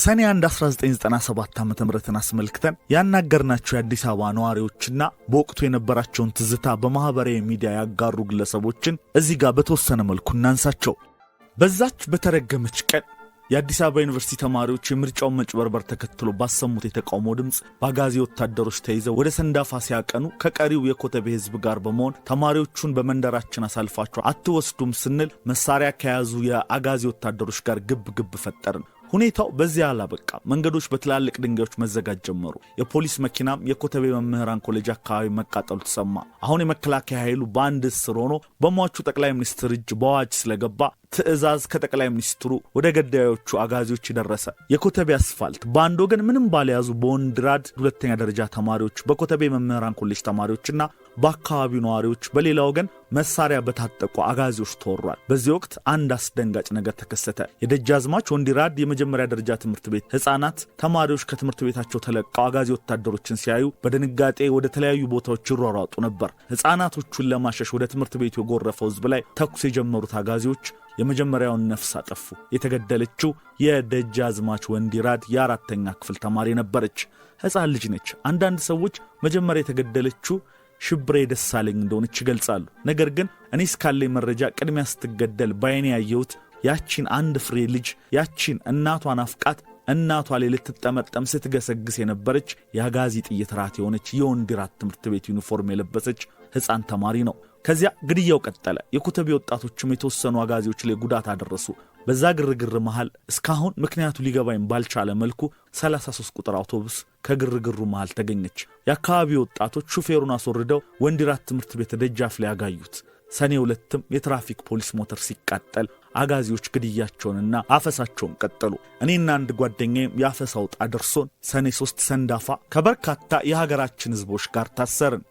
ሰኔ 1 1997 ዓ ም አስመልክተን ያናገርናቸው የአዲስ አበባ ነዋሪዎችና በወቅቱ የነበራቸውን ትዝታ በማኅበራዊ ሚዲያ ያጋሩ ግለሰቦችን እዚህ ጋር በተወሰነ መልኩ እናንሳቸው። በዛች በተረገመች ቀን የአዲስ አበባ ዩኒቨርሲቲ ተማሪዎች የምርጫውን መጭበርበር ተከትሎ ባሰሙት የተቃውሞ ድምፅ በአጋዜ ወታደሮች ተይዘው ወደ ሰንዳፋ ሲያቀኑ ከቀሪው የኮተቤ ሕዝብ ጋር በመሆን ተማሪዎቹን በመንደራችን አሳልፋቸው አትወስዱም ስንል መሳሪያ ከያዙ የአጋዜ ወታደሮች ጋር ግብ ግብ ፈጠርን። ሁኔታው በዚያ አላበቃ። መንገዶች በትላልቅ ድንጋዮች መዘጋት ጀመሩ። የፖሊስ መኪናም የኮተቤ መምህራን ኮሌጅ አካባቢ መቃጠሉ ተሰማ። አሁን የመከላከያ ኃይሉ በአንድ ስር ሆኖ በሟቹ ጠቅላይ ሚኒስትር እጅ በአዋጅ ስለገባ ትዕዛዝ ከጠቅላይ ሚኒስትሩ ወደ ገዳዮቹ አጋዚዎች ደረሰ። የኮተቤ አስፋልት በአንድ ወገን ምንም ባልያዙ በወንድራድ ሁለተኛ ደረጃ ተማሪዎች፣ በኮተቤ መምህራን ኮሌጅ ተማሪዎችና በአካባቢው ነዋሪዎች፣ በሌላ ወገን መሳሪያ በታጠቁ አጋዚዎች ተወሯል። በዚህ ወቅት አንድ አስደንጋጭ ነገር ተከሰተ። የደጃዝማች ወንዲራድ የመጀመሪያ ደረጃ ትምህርት ቤት ሕፃናት ተማሪዎች ከትምህርት ቤታቸው ተለቀው አጋዚ ወታደሮችን ሲያዩ በድንጋጤ ወደ ተለያዩ ቦታዎች ይሯሯጡ ነበር። ሕፃናቶቹን ለማሸሽ ወደ ትምህርት ቤቱ የጎረፈው ሕዝብ ላይ ተኩስ የጀመሩት አጋዚዎች የመጀመሪያውን ነፍስ አጠፉ። የተገደለችው የደጃዝማች ወንዲራድ የአራተኛ ክፍል ተማሪ ነበረች። ሕፃን ልጅ ነች። አንዳንድ ሰዎች መጀመሪያ የተገደለችው ሽብሬ ደሳለኝ እንደሆነች ይገልጻሉ። ነገር ግን እኔ እስካለኝ መረጃ ቅድሚያ ስትገደል ባይኔ ያየሁት ያቺን አንድ ፍሬ ልጅ ያቺን እናቷን አፍቃት እናቷ ላይ ልትጠመጠም ስትገሰግስ የነበረች የአጋዚ ጥይት ራት የሆነች የወንድራት ትምህርት ቤት ዩኒፎርም የለበሰች ሕፃን ተማሪ ነው። ከዚያ ግድያው ቀጠለ። የኩተቤ ወጣቶችም የተወሰኑ አጋዚዎች ላይ ጉዳት አደረሱ። በዛ ግርግር መሃል እስካሁን ምክንያቱ ሊገባኝ ባልቻለ መልኩ 33 ቁጥር አውቶቡስ ከግርግሩ መሃል ተገኘች። የአካባቢው ወጣቶች ሹፌሩን አስወርደው ወንዲራት ትምህርት ቤት ደጃፍ ላይ አጋዩት ሰኔ ሁለትም የትራፊክ ፖሊስ ሞተር ሲቃጠል አጋዚዎች ግድያቸውንና አፈሳቸውን ቀጠሉ። እኔና አንድ ጓደኛዬም የአፈሳ ውጣ ደርሶን ሰኔ ሶስት ሰንዳፋ ከበርካታ የሀገራችን ህዝቦች ጋር ታሰርን።